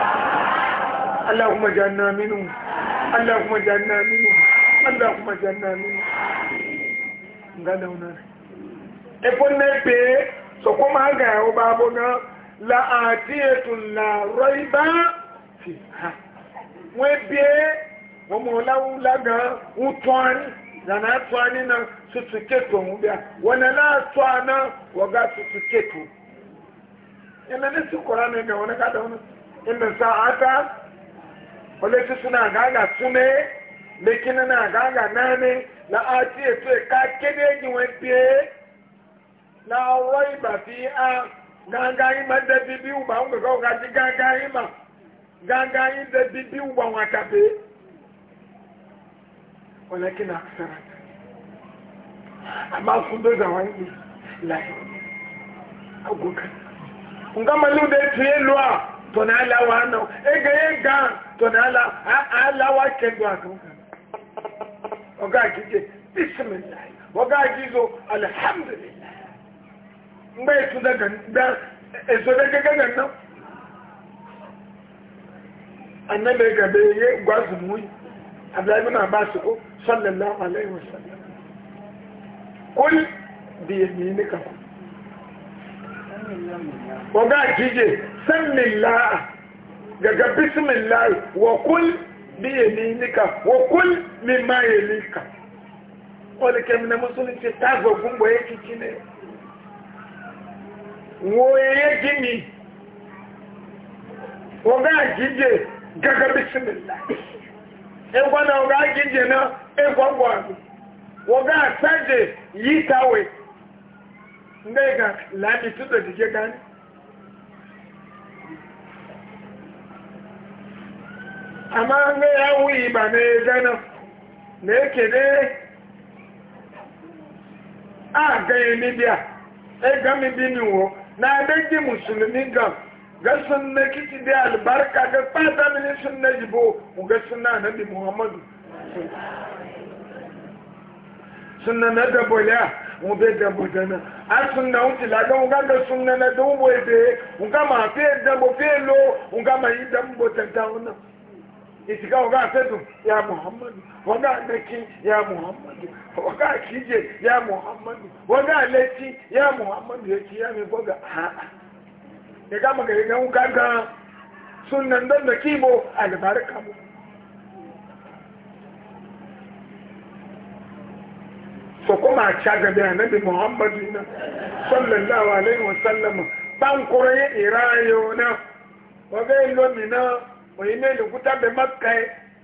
اللهم اجعلنا منهم اللهم اجعلنا منهم اللهم اجعلنا منهم ngada unare epon nepe so kuma ga yo babo na la atiyatun la raiba fi ha we bie wo mo la u la ga u twani na na twani na sutuketo mu bia wona la twana wo ga sutuketo ina e ne su qur'ani e ga wona ka da wona inna e sa'ata oleti suna gaga tume mekina na gaga na la ati eto e ka kede ji wen pie na ro iba fi a gaga yi ma de bibi u ba un ga ga ji gaga yi ma gaga yi de bibi u ba wa ka pe walakin aksara amma sun do da a to na la wa tọ̀nà aláwà kẹgbọ́n àkọ́kọ́ ọgá àkíjẹ bísímìlá ọgá àkíjọ alhamdulillah ngbẹ́ ètò dẹ́gẹ̀gẹ̀ náà annabi gabe ya gwazu muyi abdullahi bin abbas ko oh, sallallahu alaihi wasallam kul bi yaminika ko ga kije sannillah gaga bisimilahi wa kul bi yaminika wa kul mimma yalika wani kemina musulunci ta gogun boye kiki ne woye ya gini oga gije gaga bisimilahi ẹgbọ́n e na ọ̀gá gíje náà ẹgbọ́gbọ́ àmì ọ̀gá àtàjẹ̀ yìí tàwẹ̀ ndẹ́gà amma an ga ya wuyi ba na ya gana na yake ne a ganye ni biya e gami bini wo na dangi musulmi gam ga sunna kiti da albarka ga fata mini sunna jibo mu ga sunna nabi muhammadu sunna na dabola mu be dabo dana a sunna wuce laga mu ga ga sunna na dubo ebe mu ga ma fiye dabo fe lo mu ma yi dambo ìtìká ọ̀gá àtẹ́dùn ya muhammadu ọ̀gá àlẹ́kí ya muhammadu ọ̀gá àkíjẹ ya muhammadu ọ̀gá àlẹ́kí ya muhammadu ya mi bọ́gà àhà ẹ̀ká mọ̀ kẹ̀kẹ́ ń gángan sunna ndọ́n da àlùbáríkà mo. sọ̀kọ́ máa ṣá gàdé ànábì na iná sallallahu alaihi wa sallam bá ń kúrẹ́ ìráyọ̀ náà mọ̀yí mẹ́lì kúta bẹ mọ́kà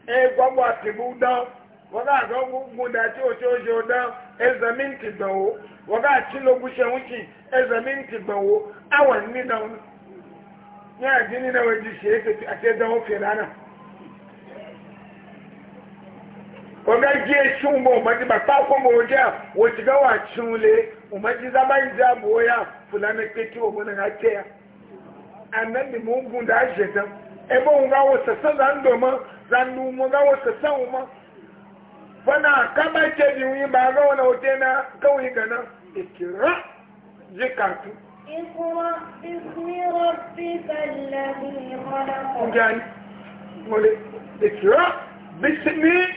ẹ gbọ́gbọ́ àtìbú dán wọ́n ká àgọ́ gbogbo dà tí òṣè òṣè ò dán ẹzẹ̀ mi ti gbọ̀n o wọ́n ká àti lógún ṣẹun sí ẹzẹ̀ mi ti gbọ̀n o àwọn nínà ní àdín nínà wọ́n ti ṣe é àti ẹ̀dá wọn fèrè ánà. wọ́n ká jí eṣú mọ́ ọmọdé bàtà kọ́ mọ́ ọjà wọ́n ti gbọ́ wà tún lé ń jẹ́ àbúrò ebe ohun ga wo sese za ndo ma za nu mo ga wo sese wo ma fana kaba ce bi wi ba ga wona wote na ka wi gana ikira je kantu ikra ismi rabbika alladhi khalaq ngani wole ikra bismi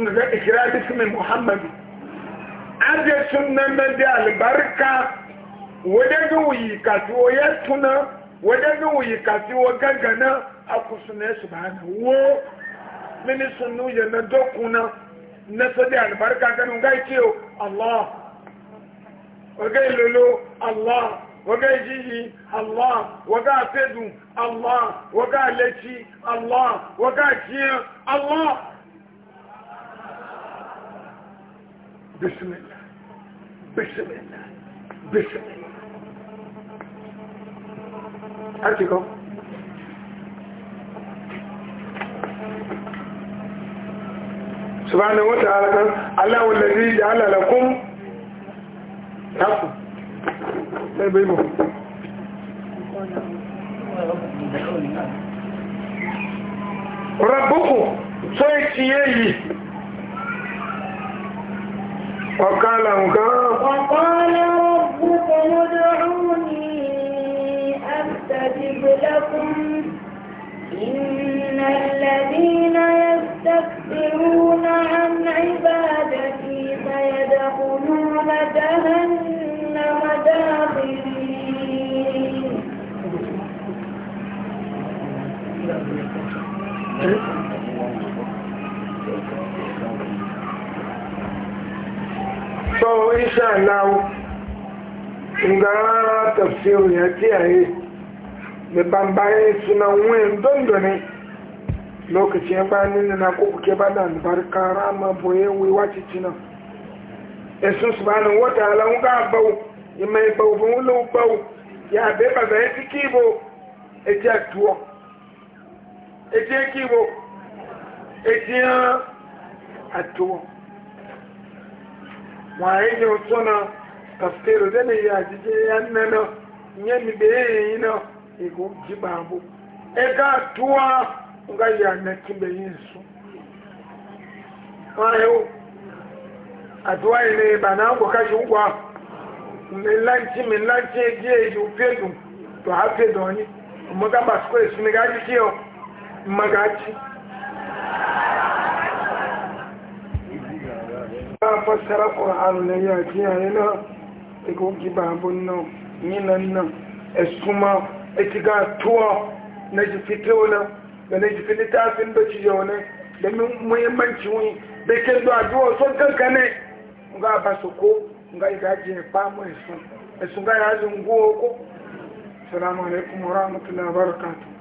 nga ikra bismi muhammad arje sunnan da albarka wadanda wuyi kasuwa ya tuna wadanda wuyi kasuwa gangana a kusurne su ba wo mini sunu ya na dokuna na sadi albarka ganin ga ke Allah waga ilolo Allah waga jiji Allah waga fedu Allah waga leci Allah waga jiyan Allah bismillah bismillah بسم الله Archiko. Subhanahu wa ta'ala kan Allahu allazi ja'ala lakum tafu. Sai bai mu. Rabbuku sai ciye yi. Wa qala ga. Wa لكم إن الذين يستكبرون عن عبادتي سيدخلون جهنم داخلين So, inshallah, in the tafsir, yeah, yeah, da bambaye suna wayan dondone lokacin ba nuna na ko kuke ba da albarka rama boye wiwa cicina esu su ba nan wata halin ga bau yi mai bau bin wulu bau ya be ba zai fi kibo eti atuwa eti kibo eti atuwa waye ne suna tafsiru zai ne ya jije yan nana yan beye yi na ego jibambo ega tuwa nga ya na kimbe yinsu wayo aduwa ile ba na ko kashi ugwa milanci milanci egiye ju fedu to ha fedu oni maga ba su kwe su mi gaji kiyo magaji ba fassara ƙura'ar na yaji yana ego gibabun nan yinan nan esuma na shiga tuwa na ji fito na da na ji fili tafin da ci yau ne da muhimmanci wuni da ke zuwa zuwa son kanka ne nga ba su ko nga yi daji ya ba mai sun da su ga yajin guwa ko salamu alaikum wa rahmatullahi wa barakatuh